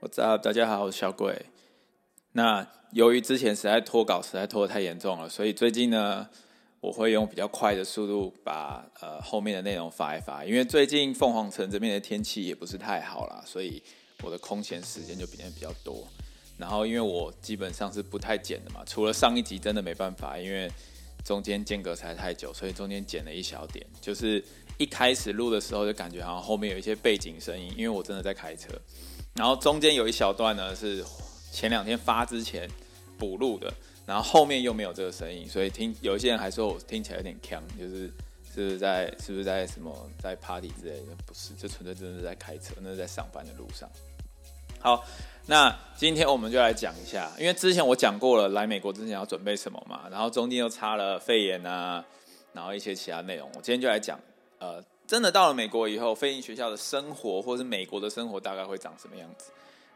我知道大家好，我是小鬼。那由於之前實在拖稿，實在拖得太嚴重了，所以最近呢，我會用比較快的速度把呃後面的內容發一發。因為最近鳳凰城這邊的天氣也不是太好啦，所以我的空閒時間就變得比較多。然後因為我基本上是不太剪的嘛，除了上一集真的沒辦法，因為中間間隔才太久，所以中間剪了一小點。就是一開始錄的時候就感覺好像後面有一些背景聲音，因為我真的在開車。然後中間有一小段呢，是前兩天發之前補錄的，然後後面又沒有這個聲音，所以聽有一些人還說我聽起來有點腔，就是是不是在是不是在什麼在 party 之類的？不是，就純粹真的是在開車，那是在上班的路上。好，那今天我們就來講一下，因為之前我講過了來美國之前要準備什麼嘛，然後中間又插了肺炎啊，然後一些其他內容，我今天就來講呃。真的到了美國以後，飛行學校的生活，或是美國的生活，大概會長什麼樣子？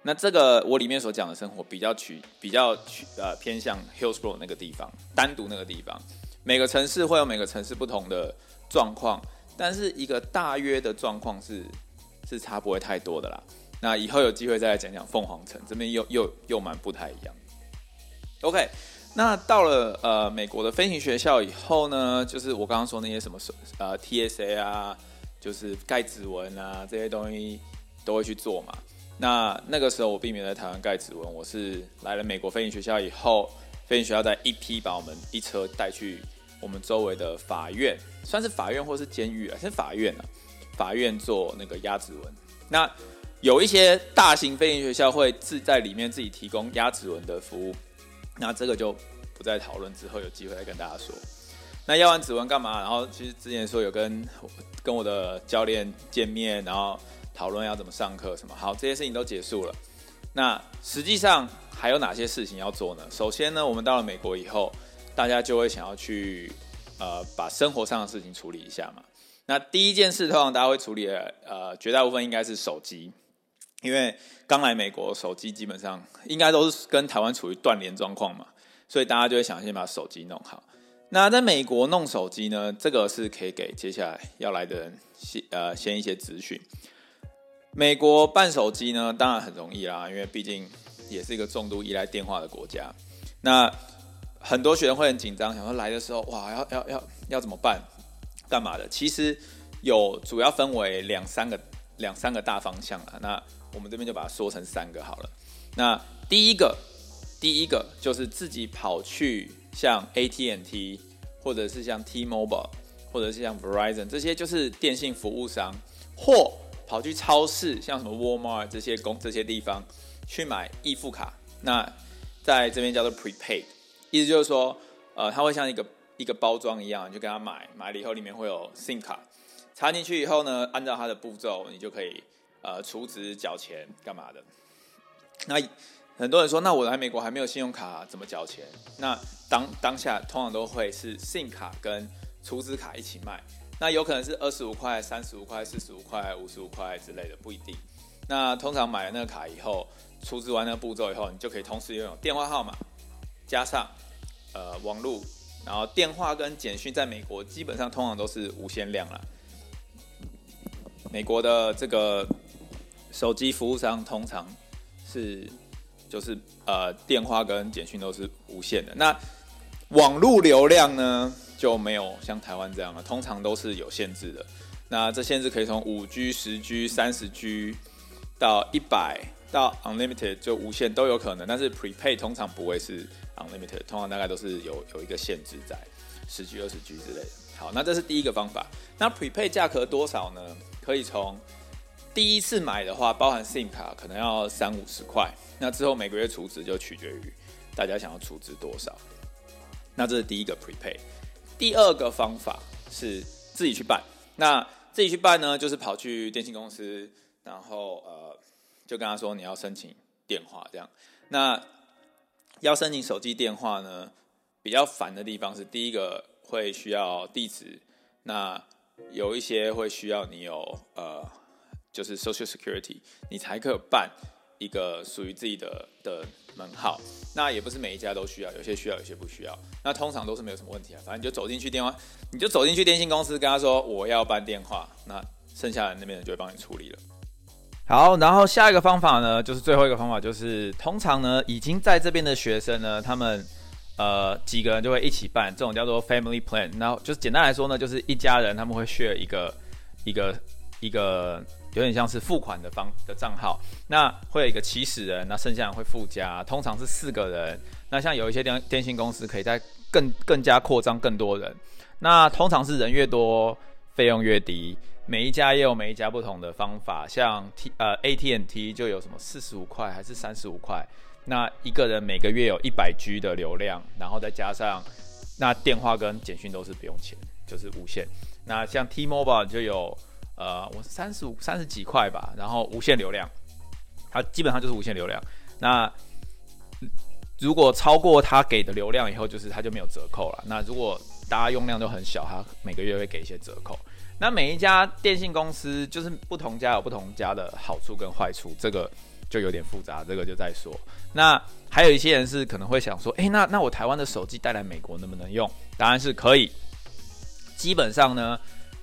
那這個我裡面所講的生活比較取比較取呃偏向 Hillsboro 那個地方，單獨那個地方，每個城市會有每個城市不同的狀況，但是一個大約的狀況是是差不會太多的啦。那以後有機會再來講講鳳凰城這邊又又又蠻不太一樣的。OK。那到了呃美國的飛行學校以後呢，就是我剛剛說那些什麼呃 TSA 啊，就是蓋指紋啊這些東西都會去做嘛。那那個時候我並沒有在台灣蓋指紋，我是來了美國飛行學校以後，飛行學校再一批把我們一車帶去我們周圍的法院，算是法院或是監獄啊，是法院啊，法院做那個壓指紋。那有一些大型飛行學校會自在裡面自己提供壓指紋的服務。那這個就不再討論，之後有機會再跟大家說。那要完指紋幹嘛？然後其實之前說有跟跟我的教練見面，然後討論要怎麼上課什麼。好，這些事情都結束了。那實際上還有哪些事情要做呢？首先呢，我們到了美國以後，大家就會想要去呃把生活上的事情處理一下嘛。那第一件事通常大家會處理的呃，絕大部分應該是手機。因為剛來美國，手機基本上應該都是跟台灣處於斷聯狀況嘛，所以大家就會想先把手機弄好。那在美國弄手機呢，這個是可以給接下來要來的人先呃先一些資訊。美國辦手機呢，當然很容易啦，因為畢竟也是一個重度依賴電話的國家。那很多學生會很緊張，想說來的時候哇要要要要怎麼辦？幹嘛的？其實有主要分為兩三個兩三個大方向啦，那。我們這邊就把它說成三個好了。那第一個，第一個就是自己跑去像 AT&T 或者是像 T-Mobile 或者是像 Verizon 這些就是電信服務商，或跑去超市像什麼 Walmart 這些公這些地方去買預付卡。那在這邊叫做 Prepaid，意思就是說，呃，它會像一個一個包裝一樣，你就跟它買，買了以後裡面會有 SIM 卡，插進去以後呢，按照它的步驟你就可以。呃，儲值繳錢幹嘛的？那很多人說，那我來美國還沒有信用卡啊，怎麼繳錢？那當當下通常都會是 SIM 卡跟儲值卡一起賣。那有可能是二十五塊、三十五塊、四十五塊、五十五塊之類的，不一定。那通常買了那個卡以後，儲值完那個步驟以後，你就可以同時擁有電話號碼，加上呃網絡。然後電話跟簡訊在美國基本上通常都是無限量了。美國的這個。手機服務商通常是就是呃電話跟簡訊都是無限的，那網路流量呢，就沒有像台灣這樣了，通常都是有限制的。那這限制可以從五 G、十 G、三十 G 到一百到 unlimited 就無限都有可能，但是 prepay 通常不會是 unlimited，通常大概都是有有一個限制在十 G、二十 G 之類的。好，那這是第一個方法。那 prepay 價格多少呢？可以從第一次買的話，包含 SIM 卡可能要三五十塊。那之後每個月儲值就取決於大家想要儲值多少。那這是第一個 Prepaid。第二個方法是自己去辦。那自己去辦呢，就是跑去電信公司，然後呃，就跟他說你要申請電話這樣。那要申請手機電話呢，比較煩的地方是第一個會需要地址，那有一些會需要你有呃。就是 Social Security，你才可以辦一個屬於自己的的門號。那也不是每一家都需要，有些需要，有些不需要。那通常都是沒有什麼問題啊，反正你就走進去電話，你就走進去電信公司，跟他說我要辦電話，那剩下的那邊人就會幫你處理了。好，然後下一個方法呢，就是最後一個方法，就是通常呢，已經在這邊的學生呢，他們呃幾個人就會一起辦，這種叫做 family plan。然後就是簡單來說呢，就是一家人他們會 share 一個一個一個。一個一個有點像是付款的方的賬號，那會有一個起始人，那剩下人會附加，通常是四個人。那像有一些電電信公司可以在更更加擴張更多人，那通常是人越多費用越低。每一家也有每一家不同的方法，像 T 呃 AT&T 就有什麼四十五塊還是三十五塊，那一個人每個月有一百 G 的流量，然後再加上那電話跟簡訊都是不用錢，就是無限。那像 T-Mobile 就有。呃，我是三十五、三十幾塊吧，然後無限流量，它、啊、基本上就是無限流量。那如果超過它給的流量以後，就是它就沒有折扣了。那如果大家用量都很小，它每個月會給一些折扣。那每一家電信公司就是不同家有不同家的好處跟壞處，這個就有點複雜，這個就再說。那還有一些人是可能會想說，誒、欸，那那我台灣的手機帶來美國能不能用？答案是可以，基本上呢。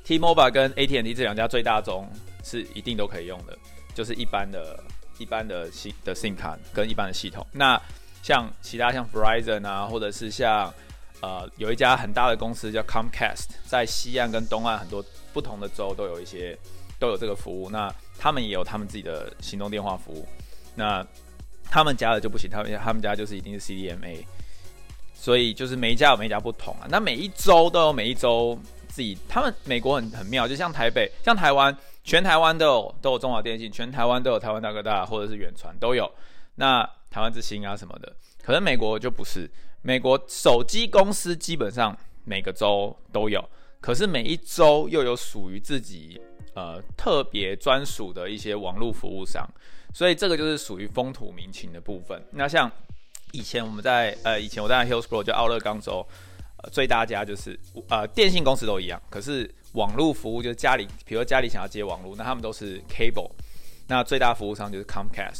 T-Mobile 跟 AT&T 這兩家最大宗是一定都可以用的，就是一般的、一般的系的 SIM 卡跟一般的系統。那像其他像 Verizon 啊，或者是像呃有一家很大的公司叫 Comcast，在西岸跟東岸很多不同的州都有一些都有這個服務。那他們也有他們自己的行動電話服務。那他們家的就不行，他們家他們家就是一定是 CDMA。所以就是每一家有每一家不同啊。那每一州都有每一州。自己，他們美國很很妙，就像台北，像台灣，全台灣都有都有中華電信，全台灣都有台灣大哥大或者是遠傳都有，那台灣之星啊什麼的，可能美國就不是，美國手機公司基本上每個州都有，可是每一州又有屬於自己呃特別專屬的一些網絡服務商，所以這個就是屬於風土民情的部分。那像以前我們在呃以前我在 Hillsboro，就奧勒岡州。最大家就是呃，電信公司都一樣。可是網絡服務就是家裡，比如家裡想要接網絡，那他們都是 cable。那最大服務商就是 Comcast。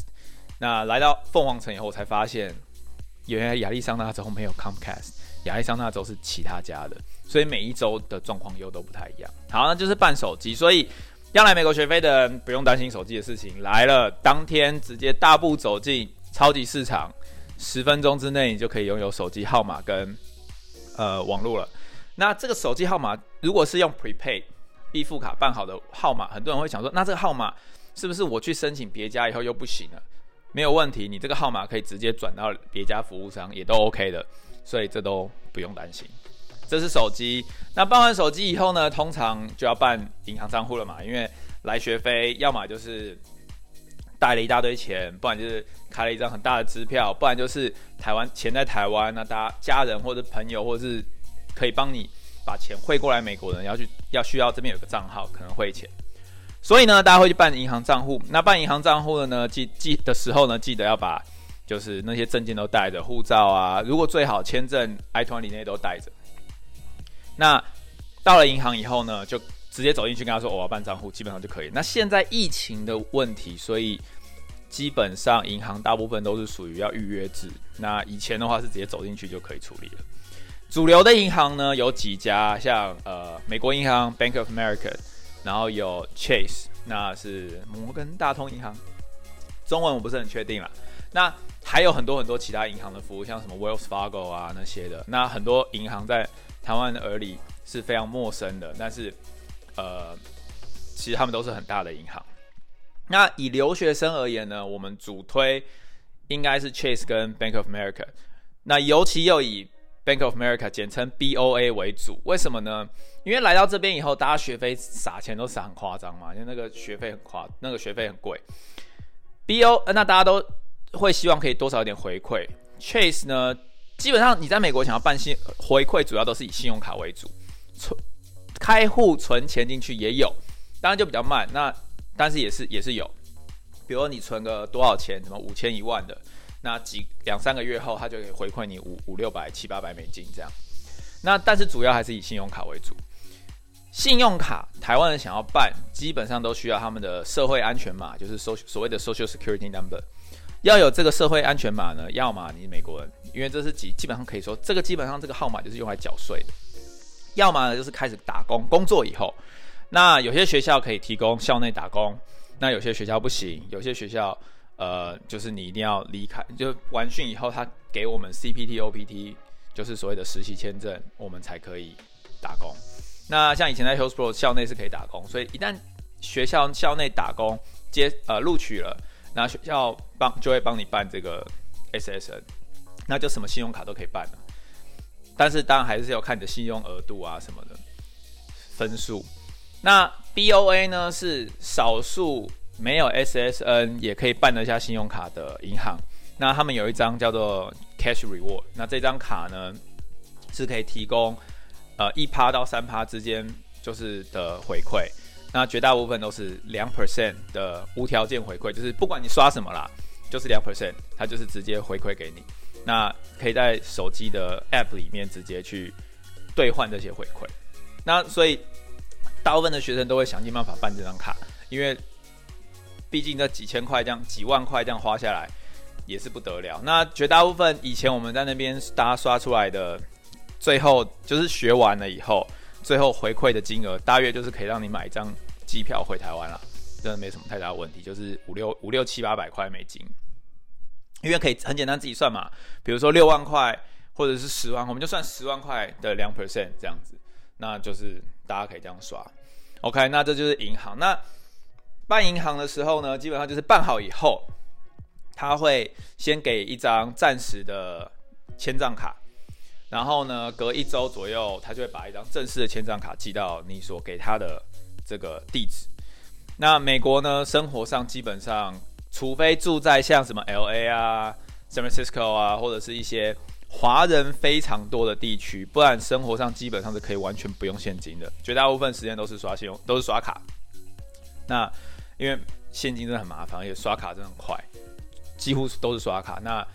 那來到鳳凰城以後，我才發現原來亞利桑那州沒有 Comcast，亞利桑那州是其他家的，所以每一州的狀況又都不太一樣。好，那就是辦手機，所以要來美國學飛的人不用擔心手機的事情。來了當天直接大步走進超級市場，十分鐘之內你就可以擁有手機號碼跟。呃，網絡了。那這個手機號碼如果是用 prepaid 預付卡辦好的號碼，很多人會想說，那這個號碼是不是我去申請別家以後又不行了？沒有問題，你這個號碼可以直接轉到別家服務商，也都 OK 的，所以這都不用擔心。這是手機，那辦完手機以後呢，通常就要辦銀行賬戶了嘛，因為來學飛，要麼就是。帶了一大堆錢，不然就是開了一張很大的支票，不然就是台灣錢在台灣，那大家，家人或者朋友或者是可以幫你把錢匯過來。美國人要去要需要這邊有個賬號，可能匯錢，所以呢，大家會去辦銀行賬戶。那辦銀行賬戶的呢，記記的時候呢，記得要把就是那些證件都帶着，護照啊，如果最好簽證 I-20 那都帶着。那到了銀行以後呢，就。直接走進去跟他說，我要辦賬戶，基本上就可以。那現在疫情的問題，所以基本上銀行大部分都是屬於要預約制。那以前的話是直接走進去就可以處理了。主流的銀行呢，有幾家，像呃美國銀行 （Bank of America），然後有 Chase，那是摩根大通銀行。中文我不是很確定啦。那還有很多很多其他銀行的服務，像什麼 Wells Fargo 啊那些的。那很多銀行在台灣的耳裡是非常陌生的，但是。呃，其實他們都是很大的銀行。那以留學生而言呢，我們主推應該是 Chase 跟 Bank of America。那尤其又以 Bank of America 簡稱 BOA 為主，為什麼呢？因為來到這邊以後，大家學費撒錢都撒很誇張嘛，因為那個學費很誇，那個學費很貴。BO，呃，那大家都會希望可以多少有點回饋。Chase 呢，基本上你在美國想要辦信回饋，主要都是以信用卡為主。開戶存錢進去也有，當然就比較慢。那但是也是也是有，比如你存個多少錢，什麼五千一萬的，那幾兩三個月後，他就可以回饋你五五六百七八百美金這樣。那但是主要還是以信用卡為主。信用卡台灣人想要辦，基本上都需要他們的社會安全碼，就是所、so、所謂的 Social Security Number。要有這個社會安全碼呢，要麼你是美國人，因為這是幾基本上可以說，這個基本上這個號碼就是用來繳稅的。要麼就是開始打工工作以後，那有些學校可以提供校內打工，那有些學校不行，有些學校呃，就是你一定要離開，就完訓以後，他給我們 CPTOPT，就是所謂的實習簽證，我們才可以打工。那像以前在 Hillsborough 校內是可以打工，所以一旦學校校內打工接呃錄取了，那學校幫就會幫你辦這個 SSN，那就什麼信用卡都可以辦了。但是當然還是要看你的信用額度啊什麼的分數。那 BOA 呢是少數沒有 SSN 也可以辦得下信用卡的銀行。那他們有一張叫做 Cash Reward，那這張卡呢是可以提供呃一趴到三趴之間就是的回饋。那絕大部分都是兩 percent 的無條件回饋，就是不管你刷什麼啦，就是兩 percent，它就是直接回饋給你。那可以在手機的 App 裡面直接去兌換這些回饋。那所以大部分的學生都會想盡辦法辦這張卡，因為畢竟這幾千塊這樣，幾萬塊這樣花下來也是不得了。那絕大部分以前我們在那邊大家刷出來的，最後就是學完了以後，最後回饋的金額大約就是可以讓你買一張機票回台灣了，真的沒什麼太大問題，就是五六、五六七八百塊美金。因為可以很簡單自己算嘛，比如說六萬塊或者是十萬，我們就算十萬塊的兩 percent 這樣子，那就是大家可以這樣刷。OK，那這就是銀行。那辦銀行的時候呢，基本上就是辦好以後，他會先給一張暫時的簽賬卡，然後呢，隔一周左右，他就會把一張正式的簽賬卡寄到你所給他的這個地址。那美國呢，生活上基本上。除非住在像什麼 LA 啊、San Francisco 啊，或者是一些華人非常多的地區，不然生活上基本上是可以完全不用現金的。絕大部分時間都是刷信用，都是刷卡。那因為現金真的很麻煩，而且刷卡真的很快，幾乎都是刷卡。那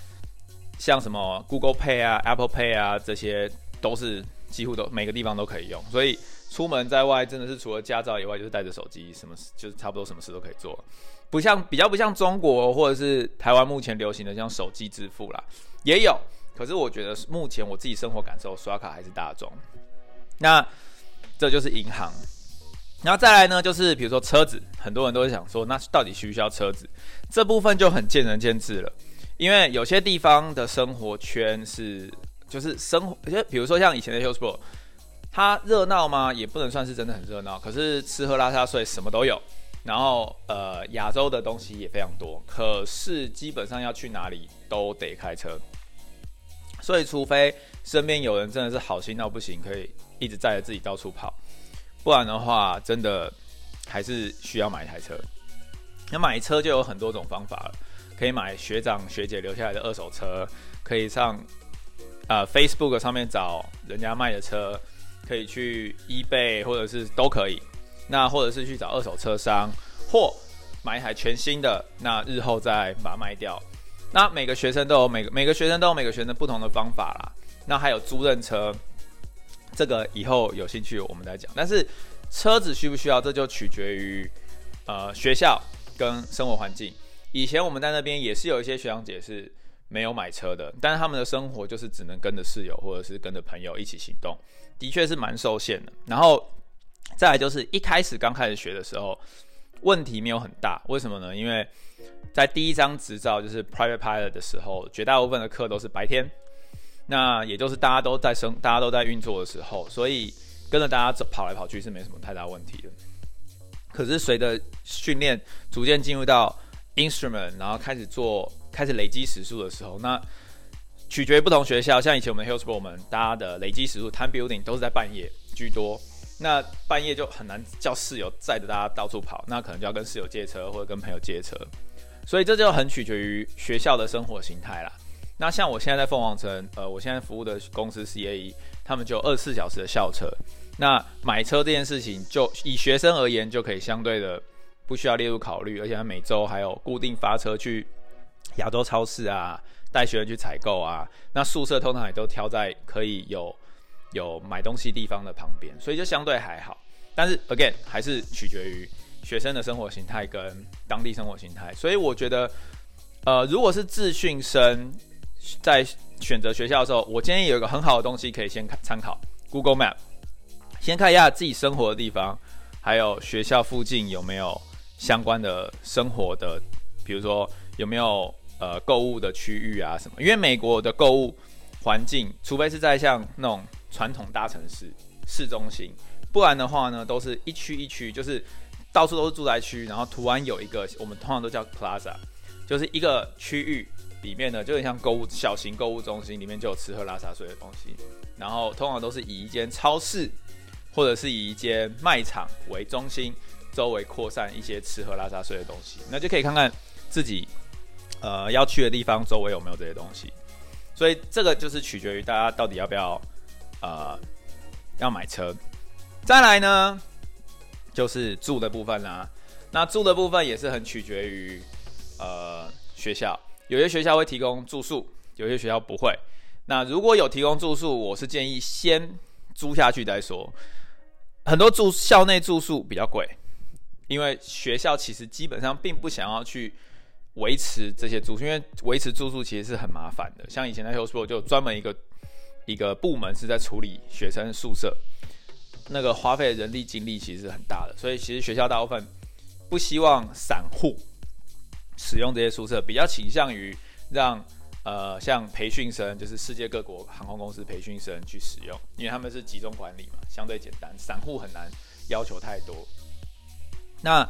像什麼 Google Pay 啊、Apple Pay 啊，這些都是幾乎都每個地方都可以用。所以出門在外真的是除了駕照以外，就是帶着手機，什麼就是差不多什麼事都可以做。不像比較不像中國或者是台灣目前流行的像手機支付啦，也有，可是我覺得目前我自己生活感受，刷卡還是大宗。那這就是銀行，然後再來呢，就是比如說車子，很多人都會想說，那到底需不需要車子？這部分就很見仁見智了，因為有些地方的生活圈是就是生活，比如說像以前的 Hillsboro，它熱鬧嗎？也不能算是真的很熱鬧，可是吃喝拉撒睡什麼都有。然後，呃，亞洲的東西也非常多，可是基本上要去哪裡都得開車，所以除非身邊有人真的是好心到不行，可以一直載着自己到處跑，不然的話，真的還是需要買一台車。那買車就有很多種方法了，可以買學長學姐留下來的二手車，可以上啊、呃、Facebook 上面找人家賣的車，可以去 eBay 或者是都可以。那或者是去找二手車商，或買一台全新的，那日後再把它賣掉。那每個學生都有每個每個學生都有每個學生不同的方法啦。那還有租賃車，這個以後有興趣我們再講。但是車子需不需要，這就取決於呃學校跟生活環境。以前我們在那邊也是有一些學長姐是沒有買車的，但是他們的生活就是只能跟着室友或者是跟着朋友一起行動，的確是蠻受限的。然後。再來就是一開始剛開始學的時候，問題沒有很大，為什麼呢？因為在第一張執照就是 Private Pilot 的時候，絕大部分的課都是白天，那也就是大家都在生，大家都在運作的時候，所以跟着大家跑來跑去是沒什麼太大問題的。可是隨着訓練逐漸進入到 Instrument，然後開始做、開始累積時數的時候，那取決於不同學校，像以前我們 Hillsboro，我們大家的累積時數 Time Building 都是在半夜居多。那半夜就很難叫室友載着大家到處跑，那可能就要跟室友借車或者跟朋友借車，所以這就很取決於學校的生活形態啦。那像我現在在鳳凰城，呃，我現在服務的公司 CAE，他們就有二十四小時的校車。那買車這件事情，就以學生而言，就可以相對的不需要列入考慮，而且他每周還有固定發車去亞洲超市啊，帶學生去採購啊。那宿舍通常也都挑在可以有。有買東西地方的旁邊，所以就相對還好。但是 again 還是取決於學生的生活形態跟當地生活形態。所以我覺得，呃，如果是自訓生在選擇學校的時候，我建議有一個很好的東西可以先看，參考 Google Map，先看一下自己生活的地方，還有學校附近有沒有相關的生活的，比如說有沒有呃購物的區域啊什麼。因為美國的購物環境，除非是在像那種。傳統大城市市中心，不然的話呢，都是一區一區，就是到處都是住宅區。然後，台灣有一個我們通常都叫 plaza，就是一個區域裡面呢，就很像購物小型購物中心，裡面就有吃喝拉撒睡的東西。然後，通常都是以一間超市或者是以一間賣場為中心，周圍擴散一些吃喝拉撒睡的東西。那就可以看看自己呃要去的地方周圍有沒有這些東西。所以，這個就是取決於大家到底要不要。呃，要買車，再來呢，就是住的部分啦，啊。那住的部分也是很取決於呃學校，有些學校會提供住宿，有些學校不會。那如果有提供住宿，我是建議先租下去再說。很多住校內住宿比較貴，因為學校其實基本上並不想要去維持這些住宿，因為維持住宿其實是很麻煩的。像以前在 Hillsboro 就專門一個。一個部門是在處理學生宿舍，那個花費人力精力其實是很大的，所以其實學校大部分不希望散戶使用這些宿舍，比較傾向於讓呃像培訓生，就是世界各國航空公司培訓生去使用，因為他們是集中管理嘛，相對簡單，散戶很難要求太多。那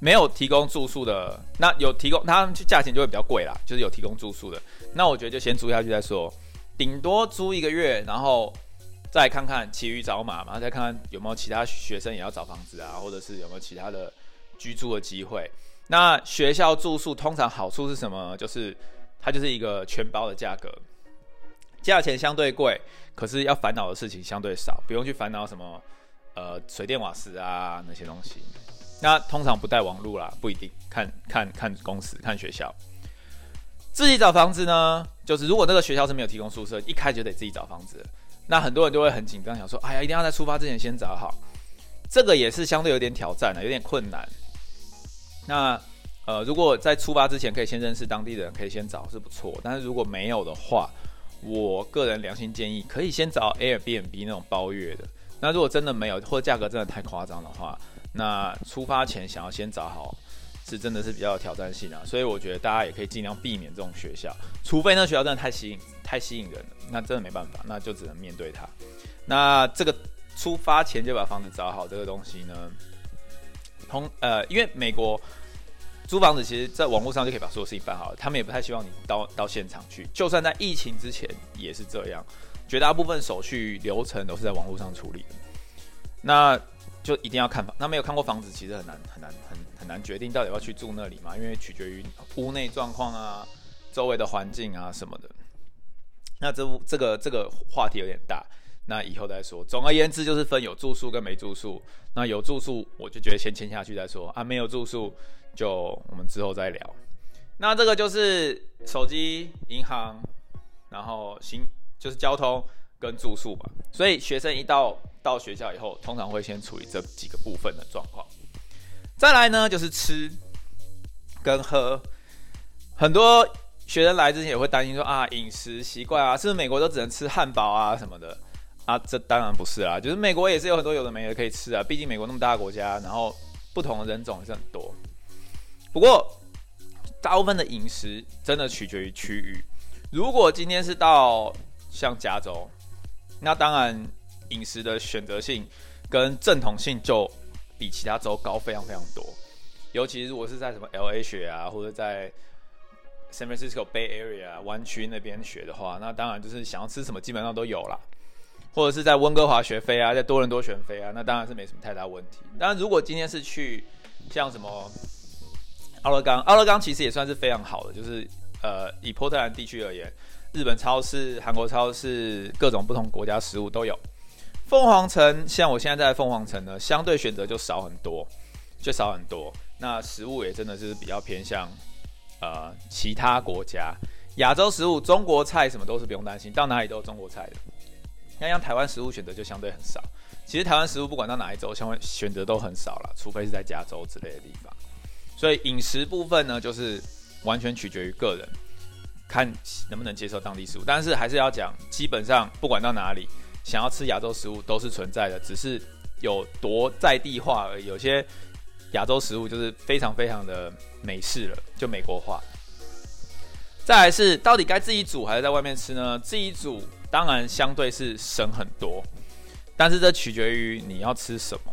沒有提供住宿的，那有提供，他們就價錢就會比較貴啦。就是有提供住宿的，那我覺得就先租下去再說。頂多租一個月，然後再看看騎驢找馬嘛，然後再看看有沒有其他學生也要找房子啊，或者是有沒有其他的居住的機會。那學校住宿通常好處是什麼？就是它就是一個全包的價格，價錢相對貴，可是要煩惱的事情相對少，不用去煩惱什麼呃水電瓦斯啊那些東西。那通常不帶網絡啦，不一定，看看看公司，看學校。自己找房子呢，就是如果那個學校是沒有提供宿舍，一開就得自己找房子。那很多人就會很緊張，想說，哎呀，一定要在出發之前先找好。這個也是相對有點挑戰的，有點困難。那呃，如果在出發之前可以先認識當地的人，可以先找是不錯。但是如果沒有的話，我個人良心建議可以先找 Airbnb 那種包月的。那如果真的沒有，或者價格真的太誇張的話，那出發前想要先找好。是真的是比較有挑戰性啊，所以我覺得大家也可以儘量避免這種學校，除非那學校真的太吸引太吸引人了，那真的沒辦法，那就只能面對它。那這個出發前就把房子找好這個東西呢，同呃，因為美國租房子其實，在網絡上就可以把所有事情辦好了，他們也不太希望你到到現場去，就算在疫情之前也是這樣，絕大部分手續流程都是在網絡上處理的。那就一定要看房，那沒有看過房子其實很難很難很。很難決定到底要，要去住哪裡嘛，因為取決於屋內狀況啊、周圍的環境啊什麼的。那這這個這個話題有點大，那以後再說。總而言之，就是分有住宿跟沒住宿。那有住宿，我就覺得先簽下去再說。啊，沒有住宿，就我們之後再聊。那這個就是手機、銀行，然後行就是交通跟住宿吧。所以學生一到到學校以後，通常會先處理這幾個部分的狀況。再來呢，就是吃跟喝。很多學生來之前也會擔心說啊，飲食習慣啊，是不是美國都只能吃漢堡啊什麼的？啊，這當然不是啊，不是啦，就是美國也是有很多有的沒的可以吃啊。畢竟美國那麼大的國家，然後不同的人種是很多。不過，大部分的飲食真的取決於區域。如果今天是到像加州，那當然飲食的選擇性跟正統性就。比其他州高非常非常多，尤其如果是在什麼 LA 學啊，或者在 San Francisco Bay Area 灣區那邊學的話，那當然就是想要吃什麼基本上都有啦。或者是在溫哥華學飛啊，在多倫多學飛啊，那當然是沒什麼太大問題。但如果今天是去像什麼，奧勒岡，奧勒岡其實也算是非常好的，就是呃以波特蘭地區而言，日本超市、韓國超市、各種不同國家食物都有。鳳凰城，像我現在在鳳凰城呢，相對選擇就少很多，就少很多。那食物也真的是比較偏向呃其他國家、亞洲食物、中國菜什麼都是不用擔心，到哪裡都是中國菜的。那像台灣食物選擇就相對很少，其實台灣食物不管到哪一州，相對選擇都很少了，除非是在加州之類的地方。所以飲食部分呢，就是完全取決於個人，看能不能接受當地食物，但是還是要講，基本上不管到哪裡。想要吃亞洲食物都是存在的，只是有多在地化而已。而有些亞洲食物就是非常非常的美式了，就美國化。再來是到底該自己煮還是在外面吃呢？自己煮當然相對是省很多，但是這取決於你要吃什麼，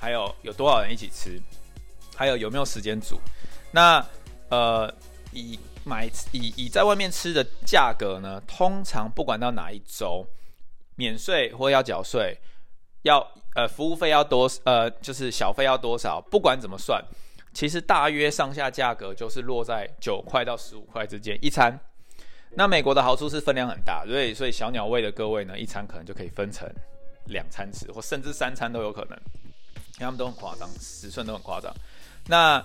還有有多少人一起吃，還有有沒有時間煮。那呃，以買以以在外面吃的價格呢，通常不管到哪一周。免稅或要繳稅，要呃服務費要多呃，就是小費要多少？不管怎麼算，其實大約上下價格就是落在九塊到十五塊之間一餐。那美國的好處是分量很大，所以所以小鳥胃的各位呢，一餐可能就可以分成兩餐吃，或甚至三餐都有可能。他們都很誇張，尺寸都很誇張。那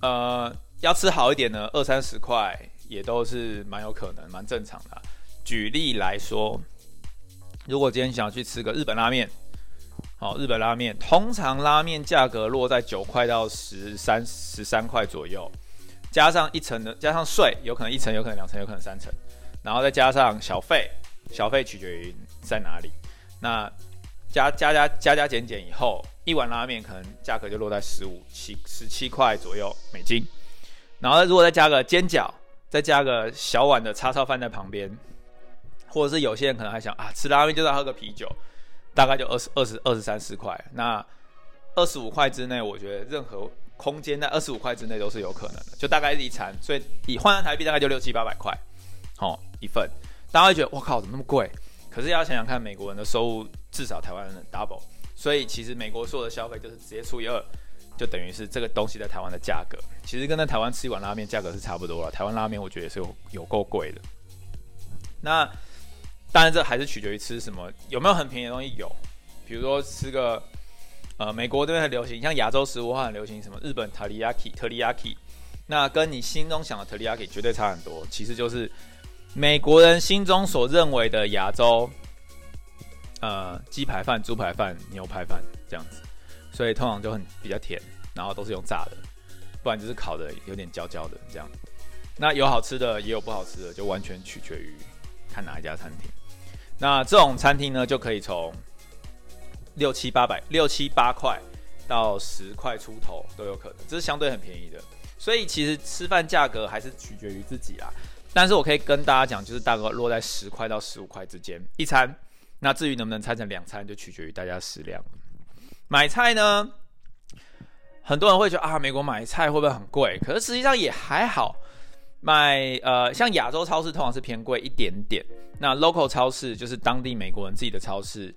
呃要吃好一點呢，二三十塊也都是蠻有可能，蠻正常的啊。舉例來說。如果今天想去吃個日本拉麵，好，日本拉麵通常拉麵價格落在九塊到十三十三塊左右，加上一層的，加上稅，有可能一層，有可能兩層，有可能三層，然後再加上小費，小費取決於在哪裡，那加加加加加減減以後，一碗拉麵可能價格就落在十五七十七塊左右美金，然後如果再加個煎餃，再加個小碗的叉燒飯在旁邊。或者是有些人可能還想啊，吃拉麵就是喝個啤酒，大概就二十二十二十三四塊，那二十五塊之內，我覺得任何空間在二十五塊之內都是有可能的，就大概是一餐，所以以換算台幣大概就六七八百塊，好、哦、一份，大家會覺得我靠怎麼那麼貴？可是要想想看，美國人的收入至少台灣人的 double，所以其實美國所有的消費就是直接除以二，就等於是這個東西在台灣的價格，其實跟在台灣吃一碗拉麵價格是差不多了，台灣拉麵我覺得也是有有夠貴的，那。當然，這還是取決於吃什麼，有沒有很便宜的東西。有，比如說吃個，呃，美國這邊很流行，像亞洲食物很流行什麼日本 teriyaki，teriyaki，那跟你心中想的 teriyaki 絕對差很多。其實就是美國人心中所認為的亞洲，呃，雞排飯、豬排飯、牛排飯這樣子，所以通常就很比較甜，然後都是用炸的，不然就是烤的，有點焦焦的這樣。那有好吃的，也有不好吃的，就完全取決於。看哪一家餐廳，那這種餐廳呢，就可以從六七八百、六七八塊到十塊出頭都有可能，這是相對很便宜的。所以其實吃飯價格還是取決於自己啦。但是我可以跟大家講，就是大概落在十塊到十五塊之間一餐。那至於能不能拆成兩餐，就取決於大家食量。買菜呢，很多人會覺得啊，美國買菜會不會很貴？可是實際上也還好。買呃，像亞洲超市通常是偏貴一點點，那 local 超市就是當地美國人自己的超市，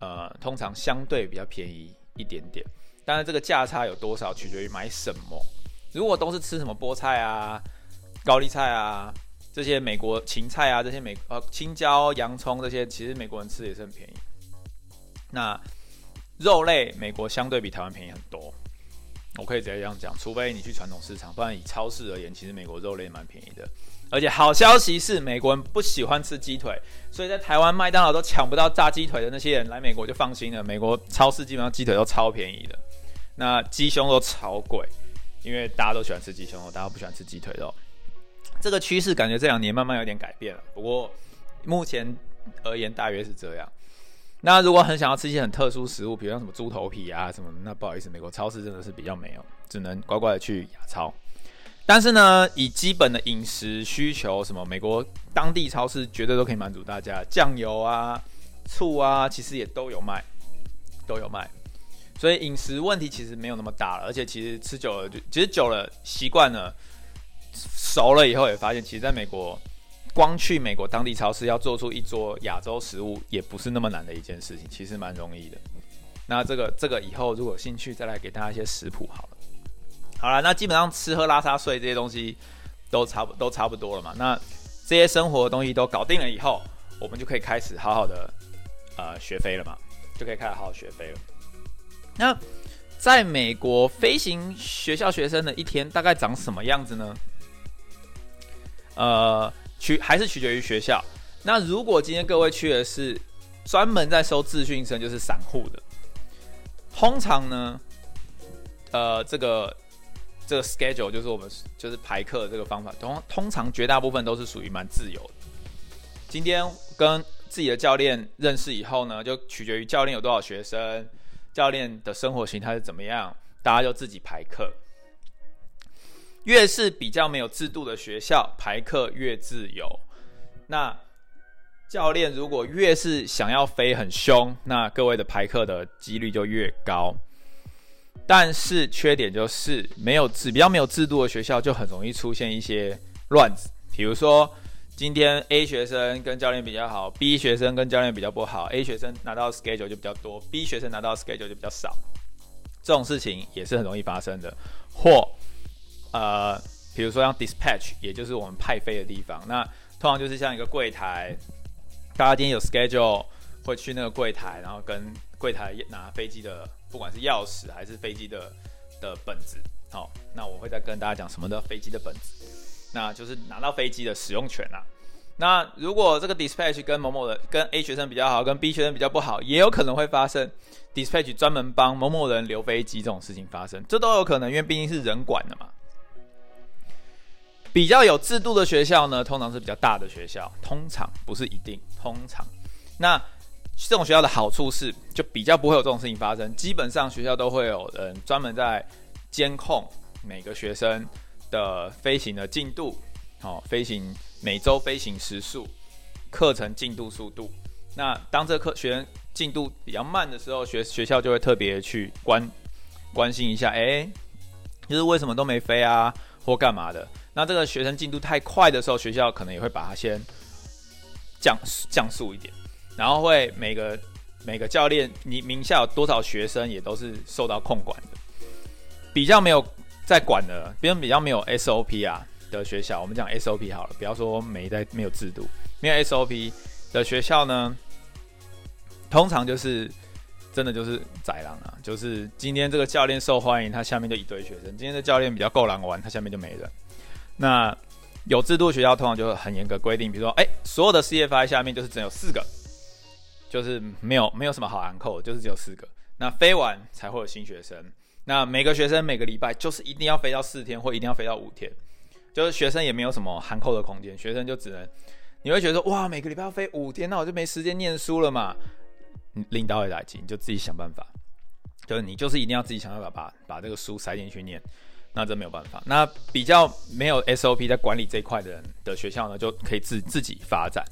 呃，通常相對比較便宜一點點。但是這個價差有多少取決於買什麼。如果都是吃什麼菠菜啊、高麗菜啊這些美國芹菜啊這些美呃、啊、青椒、洋蔥這些，其實美國人吃也是很便宜。那肉類美國相對比台灣便宜很多。我可以直接這樣講，除非你去傳統市場，不然以超市而言，其實美國肉類蠻便宜的。而且好消息是，美國人不喜歡吃雞腿，所以在台灣麥當勞都搶不到炸雞腿的那些人，來美國就放心了。美國超市基本上雞腿都超便宜的，那雞胸肉超貴，因為大家都喜歡吃雞胸肉，大家不喜歡吃雞腿肉。這個趨勢感覺這兩年慢慢有點改變了，不過目前而言大約是這樣。那如果很想要吃一些很特殊食物，比如像什麼豬頭皮啊什麼，那不好意思，美國超市真的是比較沒有，只能乖乖的去亞超。但是呢，以基本的飲食需求，什麼美國當地超市絕對都可以滿足大家，醬油啊、醋啊，其實也都有賣，都有賣。所以飲食問題其實沒有那麼大了，而且其實吃久了就其實久了習慣了，熟了以後也發現，其實在美國。光去美國當地超市，要做出一桌亞洲食物也不是那麼難的一件事情，其實蠻容易的。那這個這個以後如果有興趣再來給大家一些食譜好了。好了，那基本上吃喝拉撒睡這些東西都差不都差不多了嘛。那這些生活的東西都搞定了以後，我們就可以開始好好的呃學飛了嘛，就可以開始好好學飛了。那在美國飛行學校學生的一天大概長什麼樣子呢？呃。取還是取決於學校。那如果今天各位去的是專門在收自訓生，就是散戶的，通常呢，呃，這個這個 schedule 就是我們就是排課這個方法，通通常絕大部分都是屬於蠻自由的。今天跟自己的教練認識以後呢，就取決於教練有多少學生，教練的生活形態是怎麼樣，大家就自己排課。越是比較沒有制度的學校，排課越自由。那教練如果越是想要飛很兇，那各位的排課的幾率就越高。但是缺點就是沒有制，比較沒有制度的學校就很容易出現一些亂子。比如說，今天 A 學生跟教練比較好，B 學生跟教練比較不好。A 學生拿到 schedule 就比較多，B 學生拿到 schedule 就比較少。這種事情也是很容易發生的。或，呃，比如說像 dispatch，也就是我們派飛的地方，那通常就是像一個櫃檯，大家今天有 schedule 會去那個櫃檯，然後跟櫃檯拿飛機的，不管是鑰匙還是飛機的的本子，好、哦，那我會再跟大家講什麼的飛機的本子，那就是拿到飛機的使用權啊。那如果這個 dispatch 跟某某人跟 A 學生比較好，跟 B 學生比較不好，也有可能會發生 dispatch 專門幫某某人留飛機這種事情發生，這都有可能，因為畢竟是人管的嘛。比較有制度的學校呢，通常是比較大的學校，通常不是一定，通常。那這種學校的好處是，就比較不會有這種事情發生。基本上學校都會有人專門在監控每個學生的飛行的進度，哦，飛行每周飛行時數、課程進度速度。那當這課學生進度比較慢的時候，學學校就會特別去關關心一下，哎、欸，就是為什麼都沒飛啊，或幹嘛的。那這個學生進度太快的時候，學校可能也會把它先降降速一點，然後會每個每個教練，你名下有多少學生也都是受到控管的。比較沒有在管的，比較沒有 SOP 啊的學校，我們講 SOP 好了，不要說沒在沒有制度、沒有 SOP 的學校呢，通常就是真的就是宰狼啊，就是今天這個教練受歡迎，他下面就一堆學生；今天的教練比較夠狼玩，他下面就沒人。那有制度學校通常就很嚴格規定，比如說，哎、欸，所有的 CFI 下面就是只有四個，就是沒有沒有什麼好含扣，就是只有四個。那飛完才會有新學生。那每個學生每個禮拜就是一定要飛到四天或一定要飛到五天，就是學生也沒有什麼含扣的空間，學生就只能，你會覺得說，哇，每個禮拜要飛五天，那我就沒時間唸書了嘛？領導也來接，你就自己想辦法，就是你就是一定要自己想辦法把把這個書塞進去念。那這沒有辦法。那比較沒有 SOP 在管理這一塊的人的學校呢，就可以自自己發展。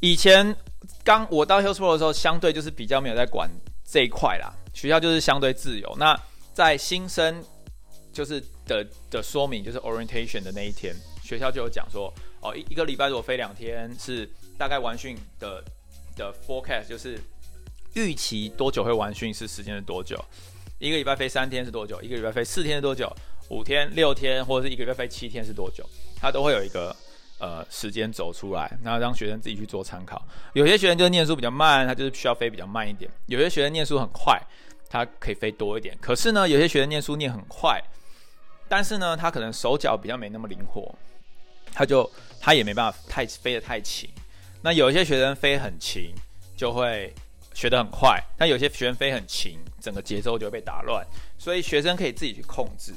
以前剛我到 Hillsboro 的時候，相對就是比較沒有在管這一塊啦，學校就是相對自由。那在新生就是的的說明，就是 Orientation 的那一天，學校就有講說哦，一一個禮拜如果飛兩天，是大概完訓的的 Forecast，就是預期多久會完訓，是時間是多久。一個禮拜飛三天是多久？一個禮拜飛四天是多久？五天、六天，或者是一個禮拜飛七天是多久？他都會有一個呃時間走出來，然後讓學生自己去做參考。有些學生就是念書比較慢，他就是需要飛比較慢一點；有些學生念書很快，他可以飛多一點。可是呢，有些學生念書念很快，但是呢，他可能手腳比較沒那麼靈活，他就他也沒辦法太飛得太勤。那有些學生飛很勤，就會學得很快；但有些學生飛很勤。整個節奏就會被打亂，所以學生可以自己去控制。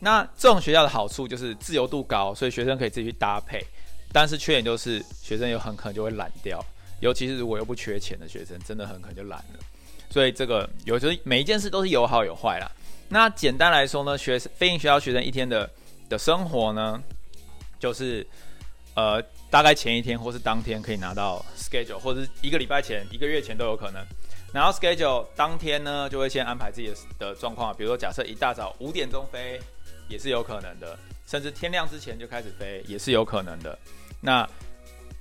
那這種學校的好處就是自由度高，所以學生可以自己去搭配。但是缺點就是學生有很可能就會懶掉，尤其是如果又不缺錢的學生，真的很可能就懶了。所以這個有就是每一件事都是有好有壞啦。那簡單來說呢，學飛行學校學生一天的的生活呢，就是呃大概前一天或是當天可以拿到 schedule，或是一個禮拜前、一個月前都有可能。然後 schedule 當天呢，就會先安排自己的的狀況，比如說假設一大早五點鐘飛也是有可能的，甚至天亮之前就開始飛也是有可能的。那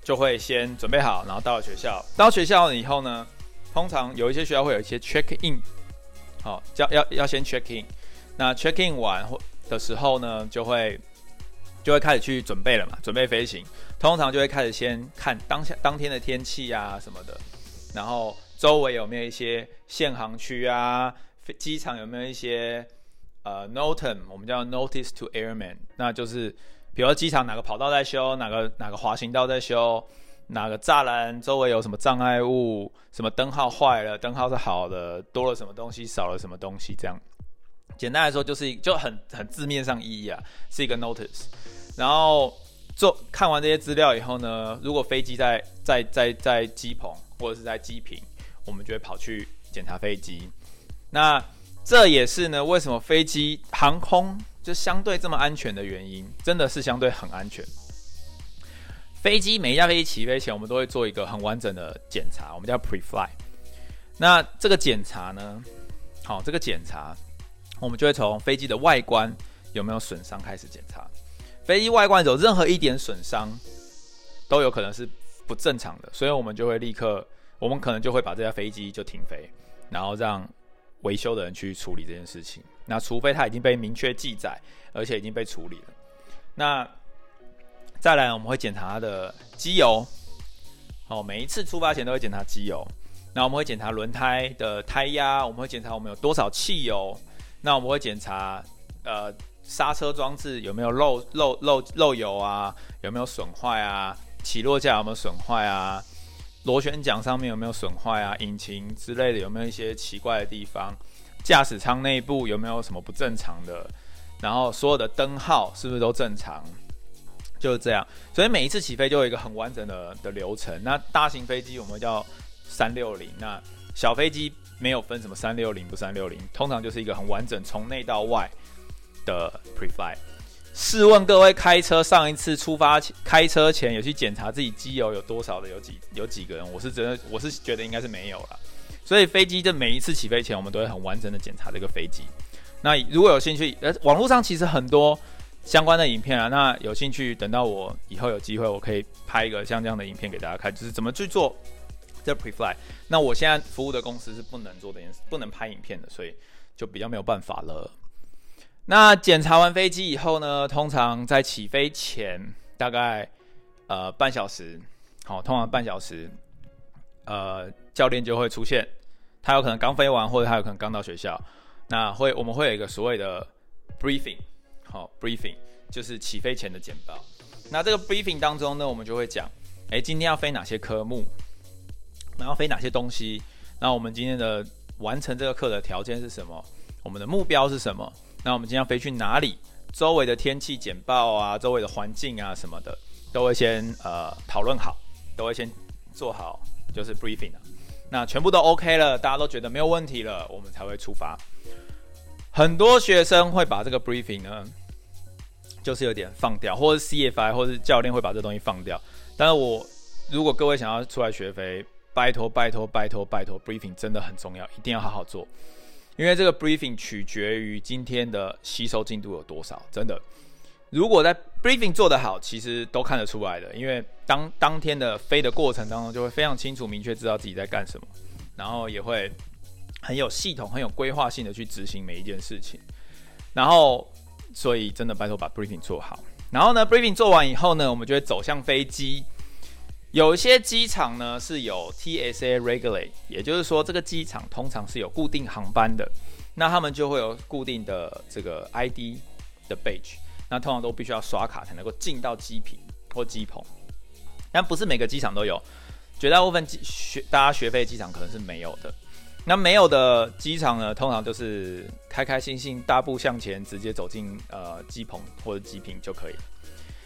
就會先準備好，然後到了學校，到學校以後呢，通常有一些學校會有一些 check in，好、哦，要要要先 check in。那 check in 完的時候呢，就會就會開始去準備了嘛，準備飛行。通常就會開始先看當下當天的天氣啊什麼的，然後。周圍有沒有一些限行區啊？機場有沒有一些呃，notem，、um, 我們叫 notice to airman，那就是，比如機場哪個跑道在修，哪個哪個滑行道在修，哪個柵欄周圍有什麼障礙物，什麼燈號壞了，燈號是好的，多了什麼東西，少了什麼東西，這樣。簡單來說就是就很很字面上意義啊，是一個 notice。然後做看完這些資料以後呢，如果飛機在在在在機棚或者是在機坪。我們就會跑去檢查飛機，那這也是呢，為什麼飛機航空就相對這麼安全的原因，真的是相對很安全。飛機每一架飛機起飛前，我們都會做一個很完整的檢查，我們叫 preflight。那這個檢查呢，好、哦，這個檢查，我們就會從飛機的外觀有沒有損傷開始檢查。飛機外觀有任何一點損傷，都有可能是不正常的，所以我們就會立刻。我們可能就會把這架飛機就停飛，然後讓維修的人去處理這件事情。那除非它已經被明確記載，而且已經被處理了。那再來，我們會檢查它的機油，哦，每一次出發前都會檢查機油。那我們會檢查輪胎的胎壓，我們會檢查我們有多少汽油。那我們會檢查呃剎車裝置有沒有漏漏漏漏油啊，有沒有損壞啊？起落架有沒有損壞啊？螺旋槳上面有沒有損壞啊？引擎之類的有沒有一些奇怪的地方？駕駛艙內部有沒有什麼不正常的？然後所有的燈號是不是都正常？就是這樣，所以每一次起飛就有一個很完整的的流程。那大型飛機我們叫三六零，那小飛機沒有分什麼三六零不三六零，通常就是一個很完整，從內到外的 preflight。試問各位，開車上一次出發前，開車前有去檢查自己機油有多少的有幾有幾個人？我是覺得，我是覺得應該是沒有了。所以飛機的每一次起飛前，我們都會很完整的檢查這個飛機。那如果有興趣，呃，網絡上其實很多相關的影片啊。那有興趣，等到我以後有機會，我可以拍一個像這樣的影片給大家看，就是怎麼去做這 prefly。那我現在服務的公司是不能做這件事，不能拍影片的，所以就比較沒有辦法了。那檢查完飛機以後呢，通常在起飛前大概呃半小時，好，通常半小時，呃，教練就會出現。他有可能剛飛完，或者他有可能剛到學校。那會我們會有一個所謂的 briefing，好，briefing 就是起飛前的簡報。那這個 briefing 當中呢，我們就會講，誒，今天要飛哪些科目，然後飛哪些東西。那我們今天的完成這個課的條件是什麼？我們的目標是什麼？那我們今天要飛去哪裡？周圍的天氣簡報啊，周圍的環境啊什麼的，都會先呃討論好，都會先做好，就是 briefing。那全部都 OK 了，大家都覺得沒有問題了，我們才會出發。很多學生會把這個 briefing 呢，就是有點放掉，或是 CFI，或是教練會把這東西放掉。但是我如果各位想要出來學飛，拜託拜託拜託拜託 briefing 真的很重要，一定要好好做。因為這個 briefing 取決於今天的吸收進度有多少，真的。如果在 briefing 做得好，其實都看得出來的。因為當當天的飛的過程當中，就會非常清楚、明確知道自己在幹什麼，然後也會很有系統、很有規劃性的去執行每一件事情。然後，所以真的拜托把 briefing 做好。然後呢，briefing 做完以後呢，我們就會走向飛機。有一些機場呢是有 TSA regulate 也就是說這個機場通常是有固定航班的，那他們就會有固定的這個 ID 的 badge 那通常都必須要刷卡才能夠進到機坪或機棚。但不是每個機場都有，絕大部分學大家學飛機場可能是沒有的。那沒有的機場呢，通常就是開開心心大步向前，直接走進呃機棚或者機坪就可以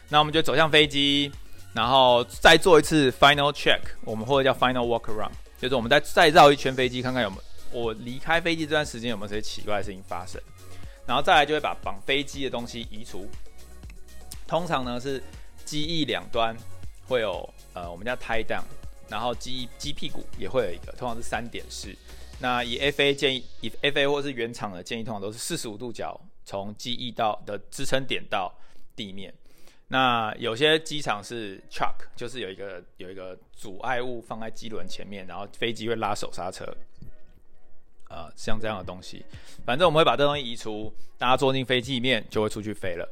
那我們就走向飛機。然後再做一次 final check，我們或者叫 final walk around，就是我們再再繞一圈飛機，看看有沒有我離開飛機這段時間有沒有這些奇怪的事情發生。然後再來就會把綁飛機的東西移除。通常呢是機翼兩端會有呃我們叫 tie down，然後機機屁股也會有一個，通常是三點式。那以 FA 建議，以 FA 或是原廠的建議，通常都是四十五度角，從機翼到的支撐點到地面。那有些機場是 chock，就是有一個有一個阻礙物放在機輪前面，然後飛機會拉手剎車，啊、呃，像這樣的東西。反正我們會把這東西移除，大家坐進飛機裡面就會出去飛了。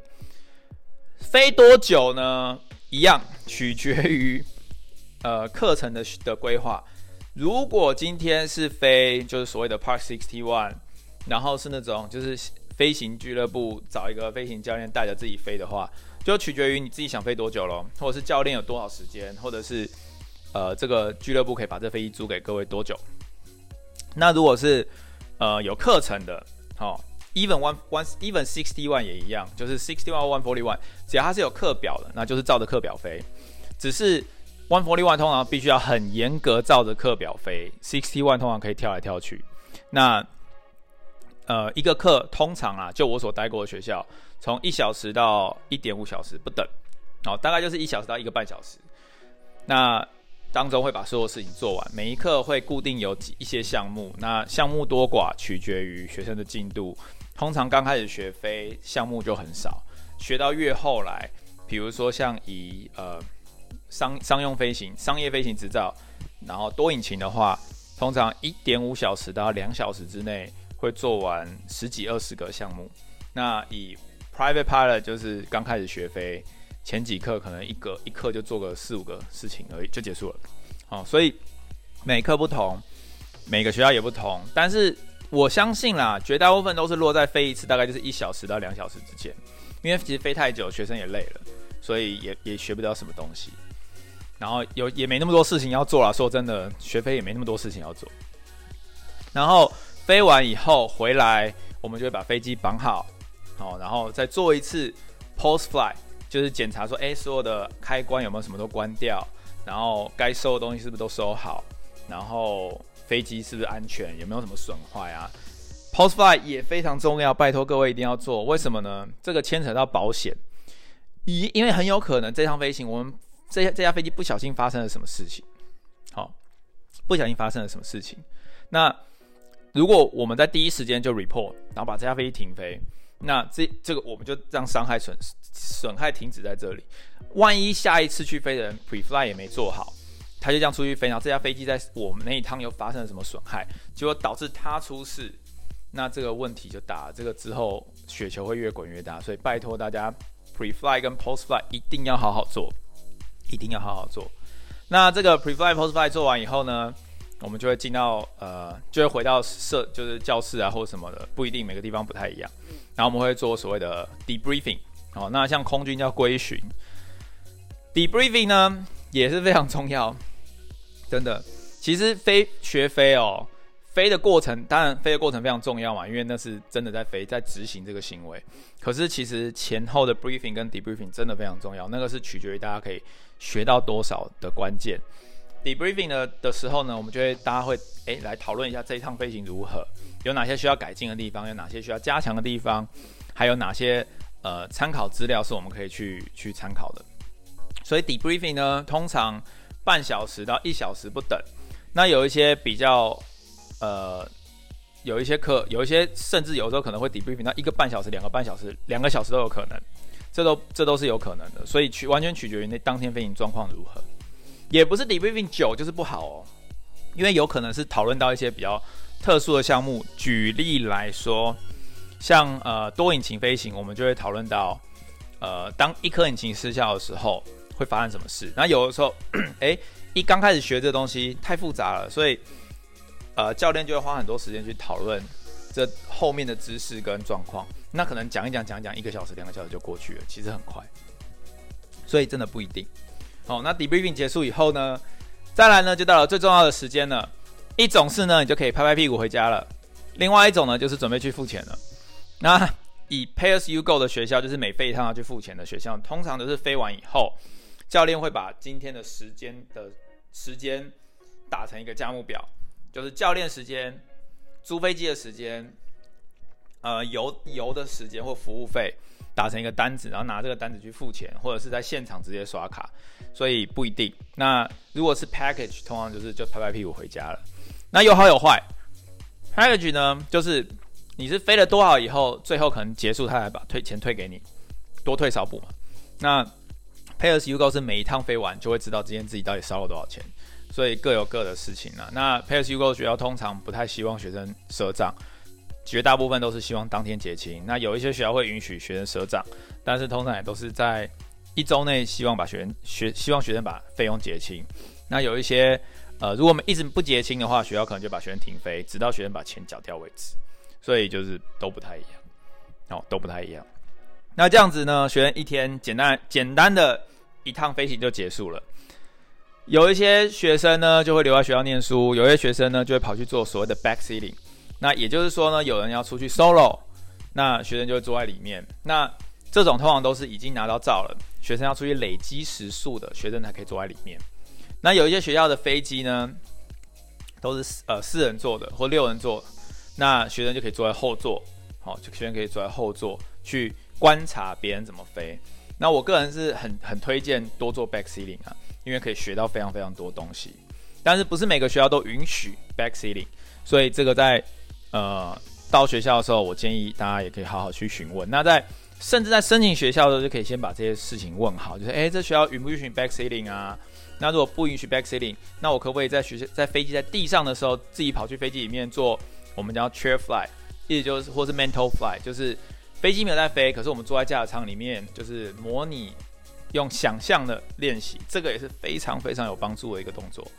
飛多久呢？一樣取決於呃課程的的規劃。如果今天是飛就是所謂的 Part 61，然後是那種就是飛行俱樂部找一個飛行教練帶着自己飛的話。就取決於你自己想飛多久了，或者是教練有多少時間，或者是呃，這個俱樂部可以把這飛機租給各位多久？那如果是呃有課程的，齁，even one one even sixty one 也一樣，就是 sixty one one forty one，只要它是有課表的，那就是照着課表飛。只是 one forty one 通常必須要很嚴格照着課表飛，sixty one 通常可以跳來跳去。那呃一個課通常啊，就我所待過的學校。從一小時到一點五小時不等，哦，大概就是一小時到一個半小時。那當中會把所有事情做完，每一課會固定有幾一些項目，那項目多寡取決於學生的進度。通常剛開始學飛，項目就很少；學到越後來，比如說像以呃商商用飛行、商業飛行執照，然後多引擎的話，通常一點五小時到兩小時之內會做完十幾二十個項目。那以 Private pilot 就是剛開始學飛，前幾課可能一個一課就做個四五個事情而已就結束了，哦，所以每課不同，每個學校也不同，但是我相信啦，絕大部分都是落在飛一次大概就是一小時到兩小時之間，因為其實飛太久學生也累了，所以也也學不到什麼東西，然後有也沒那麼多事情要做啦，說真的學飛也沒那麼多事情要做，然後飛完以後回來我們就會把飛機綁好。好、哦，然後再做一次 post flight，就是檢查說，誒，所有的開關有沒有什麼都關掉，然後該收的東西是不是都收好，然後飛機是不是安全，有沒有什麼損壞啊？post flight 也非常重要，拜託各位一定要做。為什麼呢？這個牽扯到保險，因因為很有可能這趟飛行，我們這這架飛機不小心發生了什麼事情，好、哦，不小心發生了什麼事情，那如果我們在第一時間就 report，然後把這架飛機停飛。那這這個我們就讓傷害損失、損害停止在這裡。萬一下一次去飛的人 pre fly 也沒做好，他就這樣出去飛，然後這架飛機在我們那一趟又發生了什麼損害，結果導致他出事，那這個問題就大了。這個之後雪球會越滾越大，所以拜託大家 pre fly 跟 post fly 一定要好好做，一定要好好做。那這個 pre fly post fly 做完以後呢，我們就會進到呃，就會回到社就是教室啊或什麼的，不一定每個地方不太一樣。然後我們會做所謂的 debriefing，哦，那像空軍叫歸訓，debriefing 呢也是非常重要，真的，其實飛學飛哦，飛的過程當然飛的過程非常重要嘛，因為那是真的在飛，在執行這個行為。可是其實前後的 briefing 跟 debriefing 真的非常重要，那個是取決於大家可以學到多少的關鍵。Debriefing 的的時候呢，我們就會大家會誒來討論一下這一趟飛行如何，有哪些需要改進的地方，有哪些需要加強的地方，還有哪些呃參考資料是我們可以去去參考的。所以 Debriefing 呢，通常半小時到一小時不等。那有一些比較呃，有一些課，有一些甚至有時候可能會 Debriefing 到一個半小時、兩個半小時、兩個小時都有可能，這都這都是有可能的。所以取完全取決於那當天飛行狀況如何。也不是 debriefing 久就是不好哦，因為有可能是討論到一些比較特殊的項目。舉例來說，像呃多引擎飛行，我們就會討論到，呃當一顆引擎失效的時候會發生什麼事。那有的時候，哎一剛開始學這東西太複雜了，所以呃教練就會花很多時間去討論這後面的知識跟狀況。那可能講一講講一講，一個小時兩個小時就過去了，其實很快，所以真的不一定。好、哦，那 debriefing 結束以後呢，再來呢，就到了最重要的時間了。一種是呢，你就可以拍拍屁股回家了；另外一種呢，就是準備去付錢了。那以 pay as you go 的學校，就是每飛一趟要、啊、去付錢的學校，通常都是飛完以後，教練會把今天的時間的時間打成一個價目表，就是教練時間、租飛機的時間、呃油油的時間或服務費。打成一個單子，然後拿這個單子去付錢，或者是在現場直接刷卡，所以不一定。那如果是 package，通常就是就拍拍屁股回家了。那有好有壞。Package 呢，就是你是飛了多少以後最後可能結束他才把退錢退給你，多退少補嘛。那 pay as you go 是每一趟飛完就會知道今天自己到底燒了多少錢，所以各有各的事情了。那 pay as you go 學校通常不太希望學生賒賬。絕大部分都是希望當天結清。那有一些學校會允許學生賒賬，但是通常也都是在一周內希望把學生學希望學生把費用結清。那有一些呃，如果我們一直不結清的話，學校可能就把學生停飛，直到學生把錢繳掉為止。所以就是都不太一樣，哦，都不太一樣。那這樣子呢，學生一天簡單簡單的一趟飛行就結束了。有一些學生呢就會留在學校念書，有一些學生呢就會跑去做所謂的 backseating。那也就是說呢，有人要出去 solo，那學生就會坐在裡面。那這種通常都是已經拿到照了，學生要出去累積時數的學生才可以坐在裡面。那有一些學校的飛機呢，都是呃四人坐的或六人坐的，那學生就可以坐在後座，好、哦，就學生可以坐在後座去觀察別人怎麼飛。那我個人是很很推薦多坐 back seating 啊，因為可以學到非常非常多東西。但是不是每個學校都允許 back seating，所以這個在。呃，到學校的時候，我建議大家也可以好好去詢問。那在甚至在申請學校的時候，就可以先把這些事情問好。就是，哎、欸，這學校允不允許 back sitting 啊？那如果不允許 back sitting，那我可不可以在學校在飛機在地上的時候，自己跑去飛機裡面做我們叫 chair flight，也就是或是 mental flight，就是飛機沒有在飛，可是我們坐在駕駛艙裡面，就是模擬用想象的練習，這個也是非常非常有幫助的一個動作。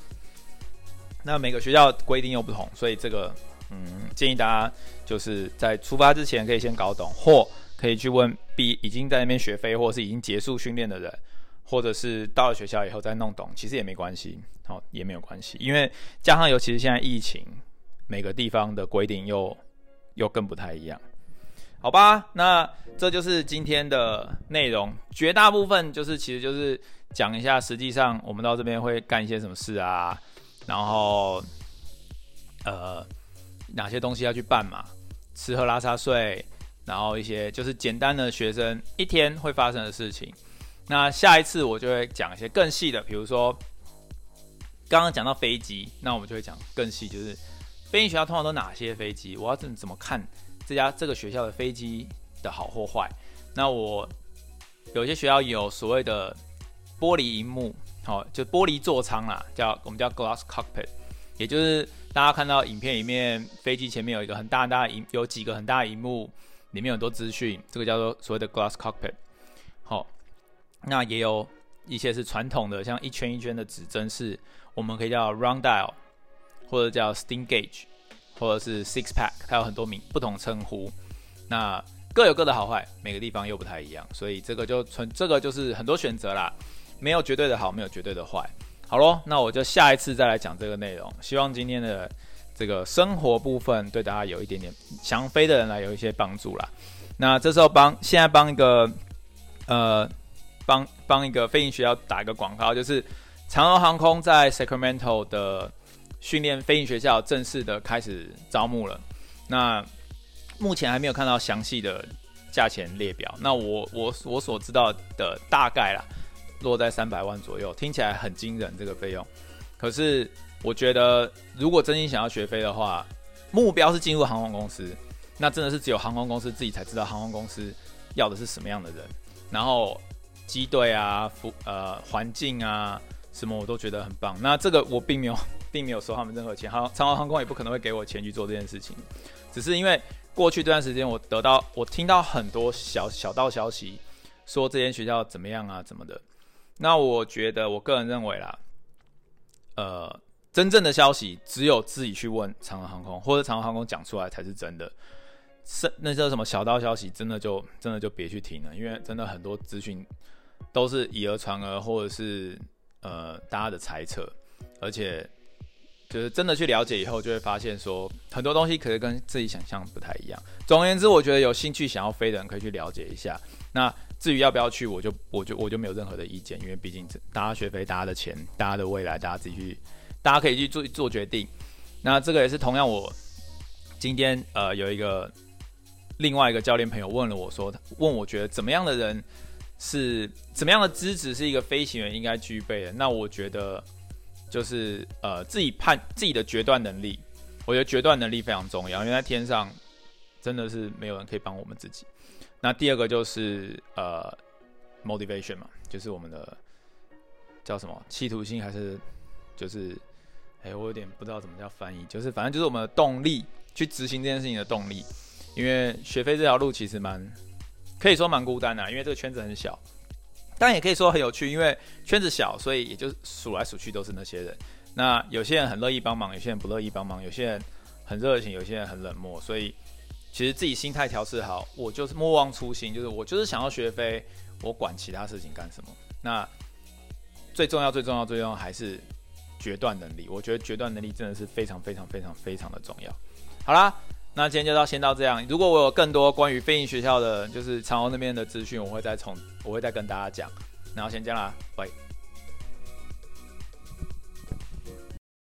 那每個學校規定又不同，所以這個。嗯，建議大家就是在出發之前可以先搞懂，或可以去問 B 已經在那邊學飛，或者是已經結束訓練的人，或者是到了學校以後再弄懂，其實也沒關係，好、哦、也沒有關係，因為加上尤其是現在疫情，每個地方的規定又又更不太一樣，好吧？那這就是今天的內容，絕大部分就是其實就是講一下，實際上我們到這邊會幹一些什麼事啊，然後呃。哪些東西要去辦嘛？吃喝拉撒睡，然後一些就是簡單的學生一天會發生的事情。那下一次我就會講一些更細的，比如說剛剛講到飛機，那我們就會講更細，就是飛行學校通常都哪些飛機？我要怎麼怎麼看這家這個學校的飛機的好或壞？那我有些學校有所謂的玻璃熒幕，哦，就玻璃座艙啦、啊，叫我們叫 glass cockpit，也就是。大家看到影片裡面，飛機前面有一個很大很大的螢，有幾個很大的螢幕，裡面有很多資訊。這個叫做所謂的 glass cockpit。好、哦，那也有一些是傳統的，像一圈一圈的指針式，我們可以叫 round dial，或者叫 steam gauge，或者是 six pack，它有很多名不同稱呼。那各有各的好壞，每個地方又不太一樣，所以這個就存這個就是很多選擇啦，沒有絕對的好，沒有絕對的壞。好咯，那我就下一次再來講這個內容。希望今天的這個生活部分對大家有一點點想飛的人來有一些幫助啦。那這時候幫現在幫一個呃幫幫一個飛行學校打一個廣告，就是長龍航空在 Sacramento 的訓練飛行學校正式的開始招募了。那目前還沒有看到詳細的價錢列表。那我我我所知道的大概啦。落在三百萬左右，聽起來很驚人，這個費用。可是我覺得，如果真心想要學飛的話，目標是進入航空公司，那真的是只有航空公司自己才知道航空公司要的是什麼樣的人。然後機隊啊、服呃環境啊什麼，我都覺得很棒。那這個我並沒有並沒有收他們任何錢，航長航航空也不可能會給我錢去做這件事情。只是因為過去這段時間，我得到我聽到很多小小道消息，說這間學校怎麼樣啊、怎麼的。那我覺得，我個人認為啦，呃，真正的消息只有自己去問長榮航空，或者長榮航空講出來才是真的。那是那些什麼小道消息，真的就真的就別去聽了，因為真的很多資訊都是以訛傳訛，或者是呃大家的猜測，而且。就是真的去了解以後，就會發現說很多東西可能跟自己想象不太一樣。總而言之，我覺得有興趣想要飛的人可以去了解一下。那至於要不要去，我就我就我就沒有任何的意見，因為畢竟大家學飛，大家的錢，大家的未來，大家自己去，大家可以去做做決定。那這個也是同樣，我今天呃有一個另外一個教練朋友問了我說，他問我覺得怎麼樣的人是，怎麼樣的資質是一個飛行員應該具備的？那我覺得。就是呃，自己判自己的決斷能力，我覺得決斷能力非常重要，因為在天上真的是沒有人可以幫我們自己。那第二個就是呃，motivation 嘛，就是我們的叫什麼企圖心還是就是，哎、欸，我有點不知道怎麼叫翻譯，就是反正就是我們的動力，去執行這件事情的動力。因為學飛這條路其實蠻可以說蠻孤單的，因為這個圈子很小。當然也可以說很有趣，因為圈子小，所以也就數來數去都是那些人。那有些人很樂意幫忙，有些人不樂意幫忙，有些人很熱情，有些人很冷漠。所以其實自己心態調試好，我就是莫忘初心，就是我就是想要學飛，我管其他事情幹什麼。那最重要、最重要、最重要還是決斷能力。我覺得決斷能力真的是非常、非常、非常、非常的重要。好啦。.那今天就到先到這樣。如果我有更多關於飛行學校的，就是長榮那邊的資訊，我會再重，我會再跟大家講。然後先這樣啦，拜。